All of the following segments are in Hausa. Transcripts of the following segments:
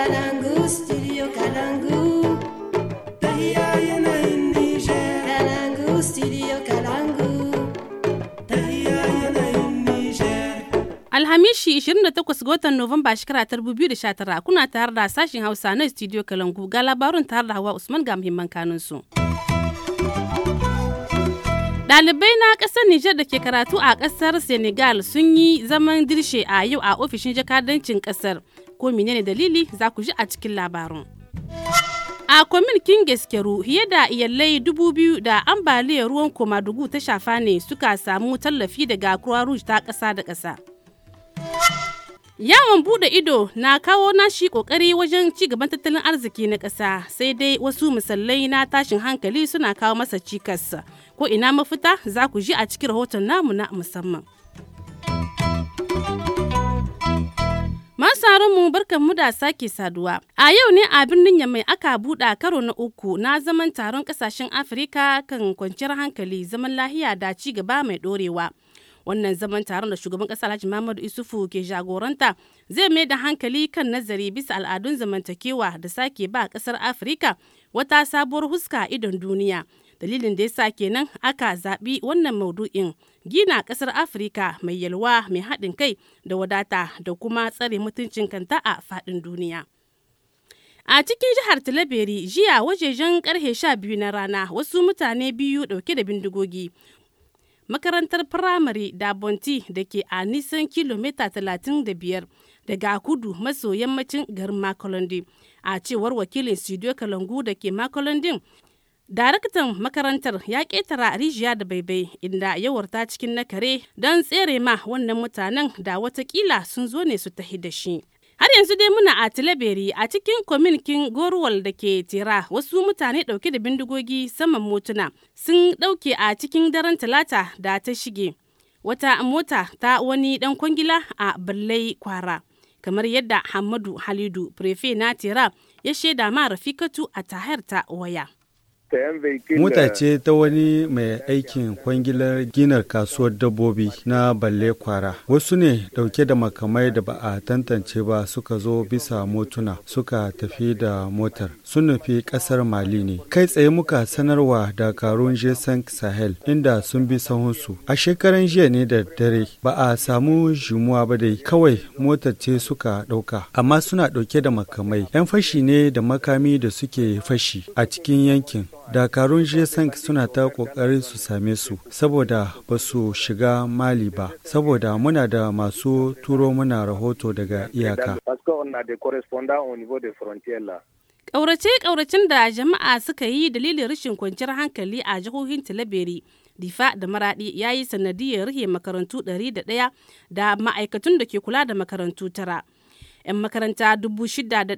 Kalangu, studio Kalangu. Kalangu, studio Kalangu. Alhamishi 28 ga watan Nuwamba shekara ta 2019 kuna tare da sashen Hausa na studio Kalangu ga labarun tare da Hawa Usman ga muhimman kanunsu. Dalibai na ƙasar Nijar da ke karatu a ƙasar Senegal sun yi zaman dirshe a yau a ofishin jakadancin ƙasar ko menene dalili za ku ji a cikin labarin. A kwamin gaskeru fiye da Iyallai dubu biyu da ambaliyar ruwan Komadugu ta shafa ne suka samu tallafi daga Croix Rouge ta ƙasa da ƙasa. Yawon bude ido na kawo nashi kokari wajen ci gaban tattalin arziki na ƙasa sai dai wasu misalai na tashin hankali suna kawo masa cikas ko ina mafita za ku ji a cikin rahoton namu na musamman. sauraron mu barkan mu da sake saduwa. A yau ne a birnin Yamai aka buɗa karo na uku na zaman taron ƙasashen Afirka kan kwanciyar hankali zaman lahiya da ci gaba mai ɗorewa. Wannan zaman taron da shugaban ƙasa Alhaji Muhammadu Isufu ke jagoranta zai mai da hankali kan nazari bisa al'adun zamantakewa da sake ba ƙasar Afirka wata sabuwar huska idon duniya. dalilin da ya sa kenan aka zaɓi wannan maudu'in gina ƙasar afirka mai yalwa mai haɗin kai da wadata da kuma tsare mutuncin kanta a faɗin duniya a cikin jihar talabiri jiya wajejen karhe sha biyu na rana wasu mutane biyu ɗauke da bindigogi makarantar firamare da bonti da ke a nisan kilomita 35 daga kudu maso yammacin garin makolondi a cewar wakilin studio kalangu da ke makolondin daraktan makarantar ya ketara rijiya da baibai inda yawarta ta cikin na kare don tsere ma wannan mutanen da watakila sun zo ne su tahi da shi har yanzu dai muna a tilaberi a cikin kominkin goruwal da ke tira wasu mutane dauke da bindigogi saman motuna sun dauke a cikin daren talata da ta shige wata mota ta wani dan kwangila a birlai kwara kamar yadda hamadu halidu prefe na tira ya shaida ma rafikatu a tahar ta waya Mota ta wani mai aikin kwangilar ginar kasuwar dabbobi na balle kwara. Wasu ne dauke da makamai da ba a tantance ba suka zo bisa motuna suka tafi da motar. Sun nufi kasar Mali ne. Kai tsaye muka sanarwa dakarun Jason Sahel inda sun bi sahunsu. A shekaran jiya ne da dare ba a samu jimuwa ba dai kawai motar ce suka dauka. Amma suna dauke da makamai. 'Yan fashi ne da makami da suke fashi a cikin yankin dakarun g suna ta kokarin su same su saboda ba su shiga mali ba saboda muna da masu turo muna rahoto daga iyaka ƙaurace-ƙauracen da jama'a suka yi dalilin rashin kwanciyar hankali a jihohin talabiri difa da maradi ya yi sanadiyar rihe makarantu 100 da ma'aikatun da ke kula da makarantu tara. 'yan makaranta 6,116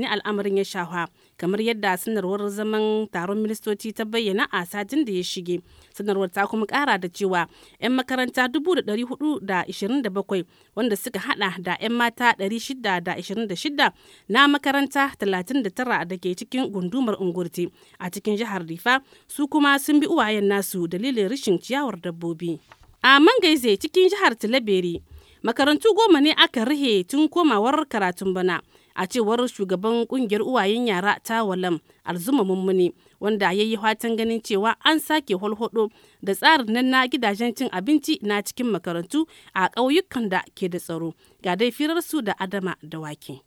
ne al'amarin ya shafa kamar yadda sanarwar zaman taron ministoci ta bayyana a satin da ya shige sanarwar ta kuma kara da cewa 'yan makaranta 4,427 wanda suka hada da 'yan mata 626 na makaranta 39 da ke cikin gundumar ungurti a cikin jihar rifa su kuma sun bi uwayen nasu dalilin rashin ciyawar dabbobi a mangaize cikin jihar talaberi Makarantu goma ne aka rihe tun komawar karatun bana. a cewar shugaban kungiyar uwayen yara ta walam alzuma mummuni wanda ya yi fatan ganin cewa an sake holhodo da tsarin nan na gidajen cin abinci na cikin makarantu a ƙauyukan da ke da tsaro ga dai firarsu da adama da wake.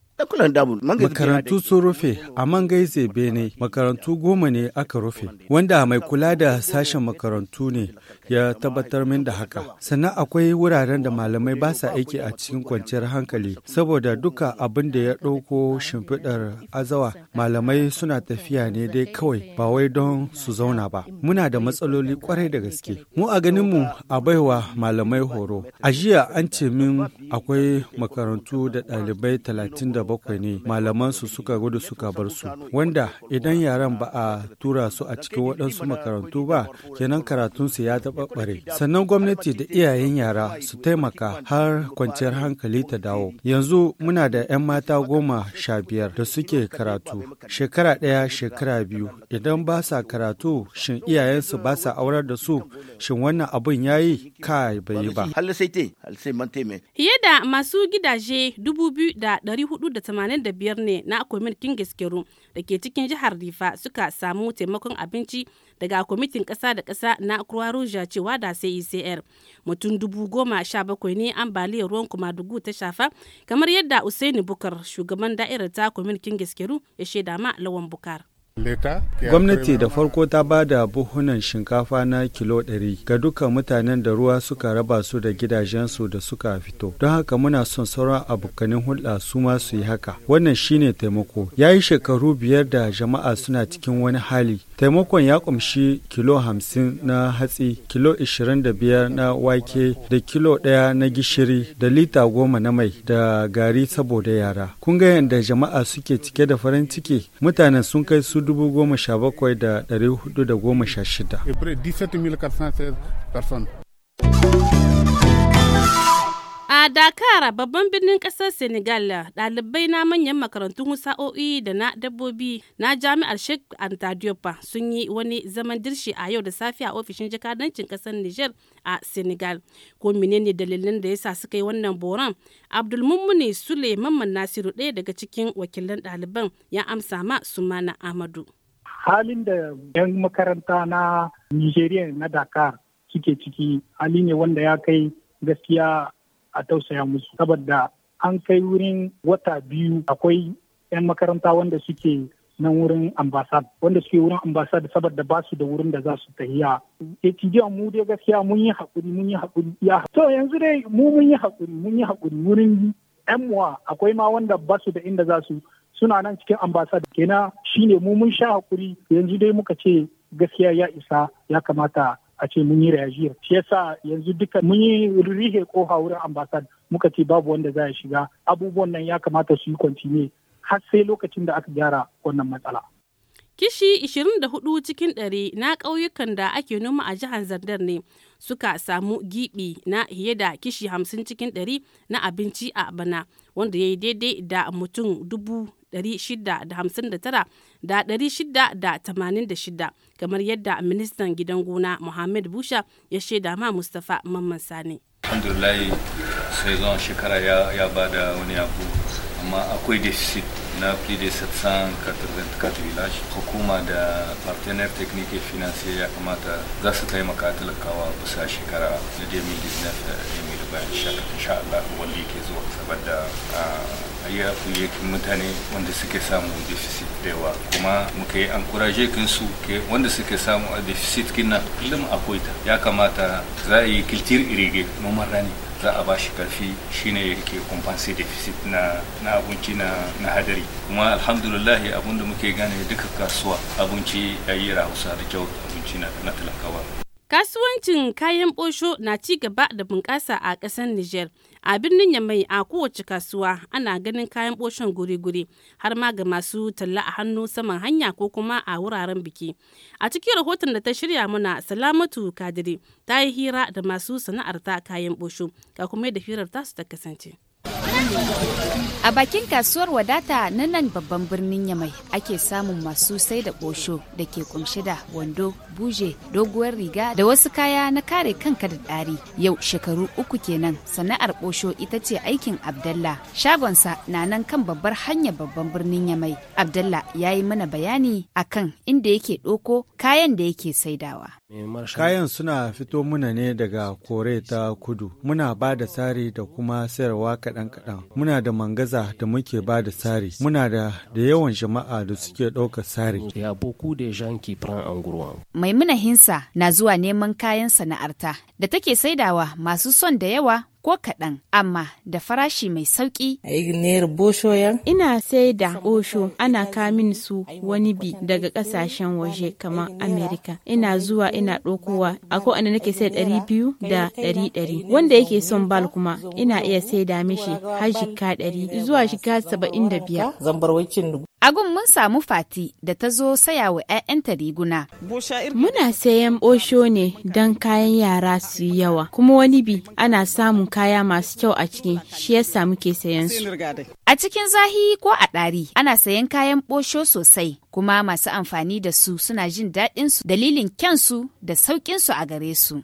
Makarantu sun rufe a man zebe Bene makarantu goma ne aka rufe, wanda mai kula da sashen makarantu ne ya tabbatar min da haka. Sannan akwai wuraren da malamai ba sa aiki a cikin kwanciyar hankali, saboda duka abin da ya ɗauko shimfiɗar azawa malamai suna tafiya ne dai kawai ba wai don su zauna ba. Muna da matsaloli kwarai da gaske. Mu a ganinmu a baiwa malamai horo. A jiya an ce min akwai makarantu da ɗalibai talatin da bakwai ne malaman su suka gudu suka bar su wanda idan yaran ba a tura su a cikin waɗansu makarantu ba kenan karatun su ya ɓare sannan gwamnati da iyayen yara su taimaka har kwanciyar hankali ta dawo yanzu muna da 'yan mata goma sha biyar da suke karatu shekara ɗaya shekara biyu idan ba sa karatu shin iyayensu ba sa aurar da su shin wannan abun ya yi kai bai yi ba. Fiye da masu gidaje dubu biyu da ɗari hudu 1985 ne na kwamitin gaskeru da ke cikin jihar rifa suka samu taimakon abinci daga kwamitin ƙasa da ƙasa na Kruwa Ruja cewa da sai ecr mutum dubu goma sha bakwai ne ambaliyar ruwan kumadugu ta shafa kamar yadda usaini bukar shugaban da'irar ta kwamitin gaskeru ya shaida ma lawan bukar Gwamnati da farko ta ba da buhunan shinkafa na kilo 100 ga duka mutanen da ruwa suka raba su da gidajensu da suka fito. Don haka muna son sauran abokanin hulɗa su ma su yi haka. Wannan shine taimako. Ya yi shekaru biyar da jama'a suna cikin wani hali Taimakon ya kumshi kilo hamsin na hatsi, kilo 25 na wake da kilo ɗaya na gishiri da lita goma na mai da gari saboda yara. Kun ga yadda jama'a suke cike da farin ciki mutanen sun kai su dubu goma sha bakwai da ɗari hudu da goma sha shida. A Dakar babban birnin kasar Senegal ɗalibai na manyan makarantun sa'o'i da na dabbobi na jami'ar Sheikh Anta Diop sun yi wani zaman dirshi a yau da safe a ofishin jakadancin kasar Niger a Senegal. Ko menene dalilin da yasa suka yi wannan boron? mummune Sule Mamman Nasiru ɗaya daga cikin wakilan ɗaliban ya amsa ma Sumana Ahmadu. Halin da 'yan makaranta na Nigeria na Dakar suke ciki hali ne wanda ya kai gaskiya a tausaya musu saboda an kai wurin wata biyu akwai 'yan makaranta wanda suke nan wurin ambasad wanda suke wurin ambasad saboda ba su da wurin da za su tahiya e eh, tijiya mu dai gaskiya mun yi hakuri mun yi hakuri ya to yanzu dai mu mun yi hakuri mun yi hakuri wurin yan muwa akwai ma wanda ba su da inda za su suna nan cikin ambasad kenan shine mu mun sha hakuri yanzu dai muka ce gaskiya ya isa ya kamata a ce mun yi reagir shi yasa yanzu duka mun yi rihe kofa wurin ambasad muka ce babu wanda za ya shiga abubuwan nan ya kamata su yi kwantine har sai lokacin da aka gyara wannan matsala. Kishi 24 cikin ɗari na ƙauyukan da ake noma a jihar Zandar ne suka samu gibi na fiye da kishi 50 cikin ɗari na abinci a bana wanda ya yi daidai da mutum 659 da 686 kamar yadda ministan gidan gona Muhammad Busha ya shaida ma Mustapha Mamman Sani. Alhamdulillah sai zuwa shekara ya bada wani abu kuma akwai deficit na plus de 784 village hukuma da partenaire technique et financier ya kamata za su taimaka talakawa kusa shekara na 2019 insha Allah wanda yake zuwa saboda a yi afiliyakin mutane wanda suke samu deficit da yawa kuma muka yi ankuraje su ke wanda suke samu a deficit kina. kullum akwai ta ya kamata za a yi kiltir irige noman rani za a bashi karfi shine yake compensate deficit na na abinci na na hadari kuma alhamdulillah abin da muke gane duka kasuwa abinci yayi rahusa da kyau abinci na talakawa Kasuwancin kayan ɓosho na ci gaba da bunƙasa a ƙasar niger A birnin Yamai a kowace kasuwa ana ganin kayan ɓoshon guri-guri har ma ga masu talla a hannu saman hanya ko kuma a wuraren biki. A cikin rahoton da ta shirya mana Salamatu Kadiri ta yi hira da masu sana'ar ta kayan ɓosho ga kuma da hirar tasu ta kasance. A bakin kasuwar wadata na nan babban birnin Yamai ake samun masu sai da ƙosho da ke kumshe da wando, buje, doguwar riga da wasu kaya na kare kanka da ɗari. Yau shekaru uku kenan sana'ar ƙosho ita ce aikin Abdallah. Shagonsa na nan kan babbar hanyar babban birnin Yamai. Abdallah ya yi mana bayani a kan inda yake ɗoko kayan da yake saidawa. Kayan suna fito muna ne daga kore ta kudu. Muna ba da tsari da kuma sayarwa kaɗan-kaɗan. muna da mangaza da muke ba da sari muna da da yawan jama'a da suke ɗaukar sari maimuna hinsa na zuwa neman kayan sana'arta da take saidawa masu son da yawa ko kaɗan, amma da farashi mai sauƙi. Ina sai da osho ana kamin su wani bi daga ƙasashen waje kamar Amerika. Ina zuwa ina ɗokowa, a ko ana nake sai ɗari biyu da ɗari ɗari. Wanda yake son bal kuma ina iya sai da mishi har ɗari zuwa jika saba'in da biyar. Agun mun samu fati da ta zo saya wa 'ya'yanta riguna. Muna sayan osho ne don kayan yara su yi yawa, kuma wani bi ana samun kaya masu kyau a ciki shi yasa muke sayan su. A cikin zahiri ko a ɗari ana sayan kayan ɓosho sosai, kuma masu amfani da su suna jin daɗin su dalilin kyansu da sauƙinsu a gare su.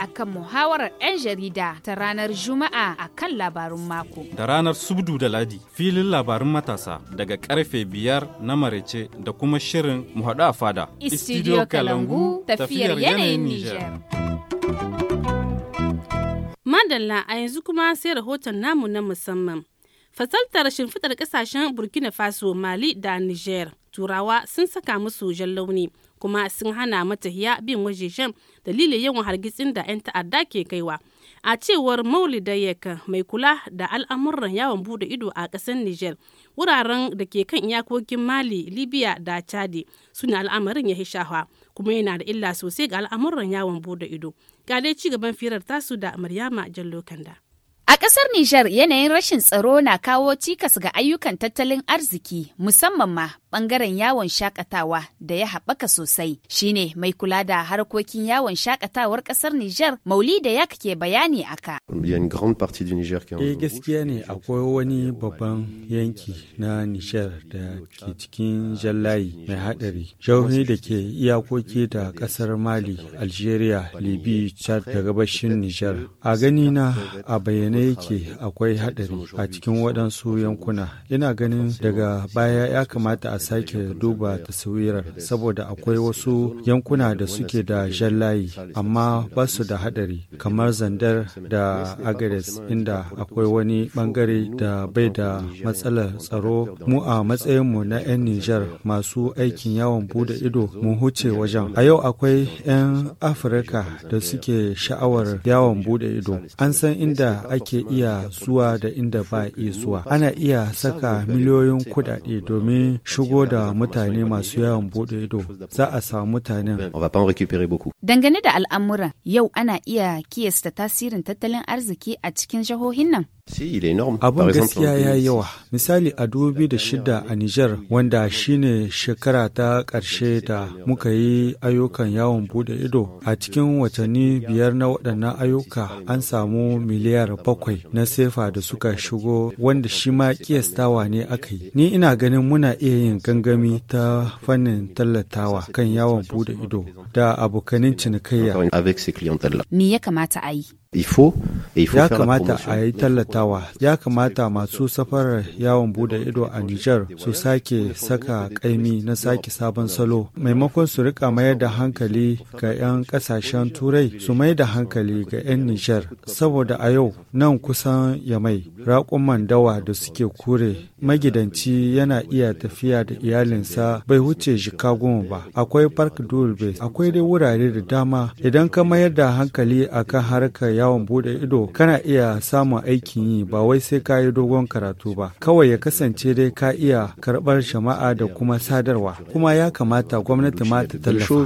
akan muhawarar 'yan jarida ta ranar Juma'a a kan labarun mako. Da ranar Subdu da Ladi filin labarun matasa daga karfe biyar na marece da kuma shirin muhaɗu a fada. Istidiyo Kalangu tafiyar yanayin Nijar. Madalla a yanzu kuma sai rahoton namu na musamman. Fasaltar shimfiɗar kasashen Burkina Faso, Mali da Niger. Turawa sun saka musu jan launi kuma sun hana matahiya bin wajejen dalilin yawan hargitsin da 'yan ta'adda ke kaiwa. A cewar Maulida mai kula da al'amuran yawon bude ido a ƙasar niger wuraren da ke kan iyakokin Mali, Libya da Chadi suna al'amarin ya shafa kuma yana da illa sosai ga al'amuran yawon bude ido. gale ci gaban firar tasu da Maryama Jallo Kanda. A ƙasar niger yanayin rashin tsaro na kawo cikas ga ayyukan tattalin arziki musamman ma bangaren yawon shakatawa da ya haɓaka sosai shine mai kula da harkokin yawon shakatawar ƙasar Nijar da ya ke bayani aka. Eh gaskiya ne akwai wani babban yanki na Nijar da ke cikin jallayi mai haɗari. Jauhi da ke iyakoki da ƙasar Mali, Algeria, libi Chad da gabashin Nijar. A gani na a bayyane yake akwai haɗari a cikin waɗansu yankuna. Ina ganin daga baya ya kamata a sake duba taswirar saboda akwai wasu yankuna da suke da jan layi amma ba su da hadari kamar zandar da agares inda akwai wani bangare da bai da matsalar tsaro mu a matsayinmu na 'yan Nijar masu aikin yawon bude ido mun huce wajen. A yau akwai 'yan Afirka da suke sha'awar yawon bude ido. An san inda ake iya zuwa da inda ba iya zuwa. Ana iya saka miliyoyin kudade domin shigo shigo da mutane masu yawon bude ido za a samu mutanen. Dangane da al'amuran yau ana iya kiyasta tasirin tattalin arziki a cikin jihohin nan. Abun gaskiya ya yi yawa. Misali a da shida a Nijar wanda shine shekara ta karshe da muka yi ayyukan yawon bude ido a cikin watanni biyar na waɗannan ayyuka an samu miliyar bakwai na sefa da suka shigo wanda shi ma kiyastawa ne aka yi. Ni ina ganin muna iya yin gangami ta fannin tallatawa kan yawon bude ido da abokanin cinikayya. Me ya kamata a yi? Ifo, ya kamata a yi tallatawa, ya kamata masu safarar yawon bude ido a Nijar su sake saka kaimi na sake sabon salo, maimakon su rika mayar da hankali ga 'yan kasashen turai su mai da hankali ga 'yan Nijar, saboda a yau nan kusan yamai raƙuman dawa da suke kure magidanci yana iya tafiya da iyalinsa bai wuce Chicago ba, akwai Park Dulbe, akwai dai wurare da dama idan ka mayar da hankali akan harkar yawon bude ido kana iya samun aikin yi ba wai sai ka yi dogon karatu ba kawai ya kasance dai ka iya karɓar shama'a da kuma sadarwa kuma ya kamata gwamnati ma ta tallafa